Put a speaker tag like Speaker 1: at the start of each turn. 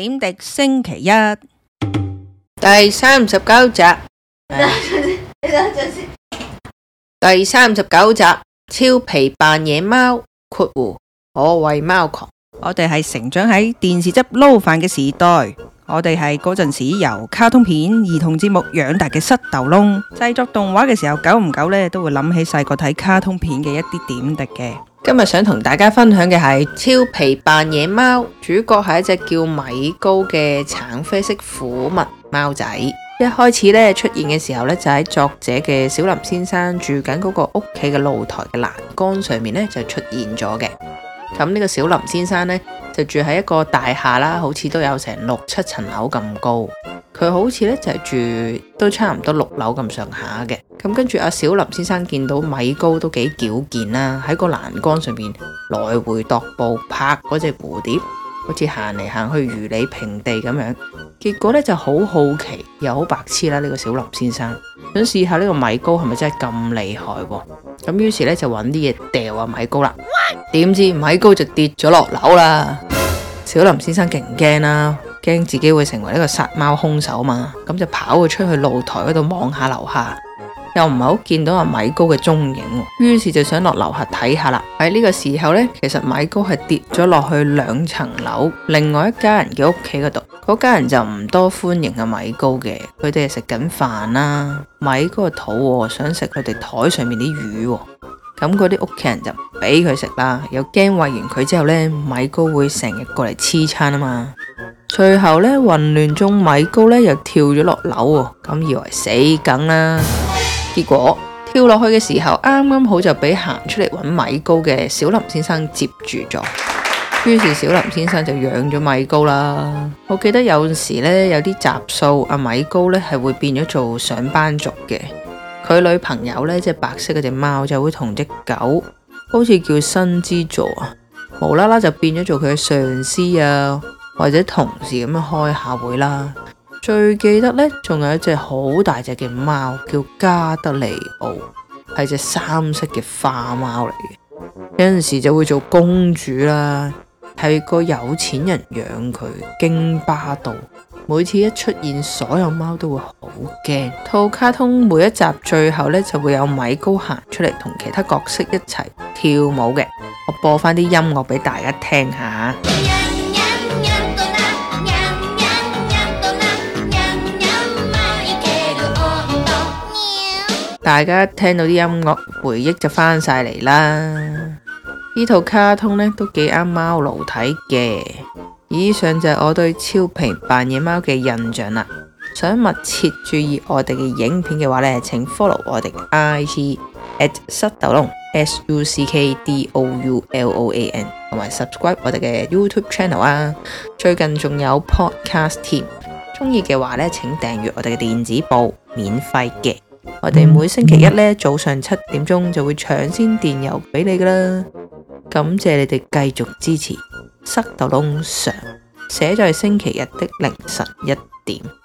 Speaker 1: 點滴星期一第三十九集， 第三十九集超皮扮野貓括弧我為貓狂。我哋係成長喺電視汁撈飯嘅時代，我哋係嗰陣時由卡通片、兒童節目養大嘅失斗窿。製作動畫嘅時候，久唔久呢都會諗起細個睇卡通片嘅一啲點滴嘅。今日想同大家分享嘅係《超皮扮野貓》，主角係一隻叫米高嘅橙啡色虎紋貓仔。一開始咧出現嘅時候咧，就喺作者嘅小林先生住緊嗰個屋企嘅露台嘅欄杆上面咧就出現咗嘅。咁呢個小林先生呢，就住喺一個大廈啦，好似都有成六七層樓咁高。佢好似咧就係住都差唔多六樓咁上下嘅，咁跟住阿小林先生見到米高都幾矯健啦，喺個欄杆上面來回踱步拍嗰隻蝴蝶，好似行嚟行去如履平地咁樣。結果咧就好好奇又好白痴啦，呢個小林先生想試下呢個米高係咪真係咁厲害喎？咁於是咧就揾啲嘢掉啊米高啦，點知米高就跌咗落樓啦，小林先生勁驚啦。驚自己會成為一個殺貓兇手嘛，咁就跑咗出去露台嗰度望下樓下，又唔好見到阿米高嘅蹤影，於是就想落樓下睇下啦。喺呢個時候呢，其實米高係跌咗落去兩層樓另外一家人嘅屋企嗰度，嗰家人就唔多歡迎阿米高嘅，佢哋食緊飯啦，啊，米高肚餓想食佢哋枱上面啲魚，啊，咁嗰啲屋企人就唔俾佢食啦，又驚餵完佢之後呢，米高會成日過嚟黐餐啊嘛。隨後呢，混亂中，米高呢又跳咗落樓喎，咁以為死梗啦。結果跳落去嘅時候，啱啱好就俾行出嚟搵米高嘅小林先生接住咗。於是小林先生就養咗米高啦。我記得有時呢，有啲雜數，阿米高呢係會變咗做上班族嘅。佢女朋友呢，即係白色嗰隻貓，就會同隻狗，好似叫新之助啊，無啦啦就變咗做佢嘅上司啊。或者同事咁樣開下會啦。最記得呢，仲有一隻好大隻嘅貓，叫加德利奧，係隻三色嘅花貓嚟嘅。有陣時就會做公主啦，係個有錢人養佢。京巴道每次一出現，所有貓都會好驚。套卡通每一集最後呢，就會有米高行出嚟，同其他角色一齊跳舞嘅。我播翻啲音樂俾大家聽下。 大家聽到啲音樂，回憶就翻晒嚟啦。呢套卡通呢都幾啱貓奴睇嘅。以上就係我對超平扮野貓嘅印象啦。想密切注意我哋嘅影片嘅話呢，請 follow 我哋 IG at 失斗龍 s, on, s u c k d o u l o a n，同埋 subscribe 我哋嘅 YouTube channel 啊。最近仲有 podcast 添，中意嘅話呢，請訂閱我哋嘅電子報，免費嘅。我哋每星期一呢早上七點鐘就會搶先電郵俾你㗎啦，感謝你哋繼續支持。塞頭東上寫在星期日的凌晨一點。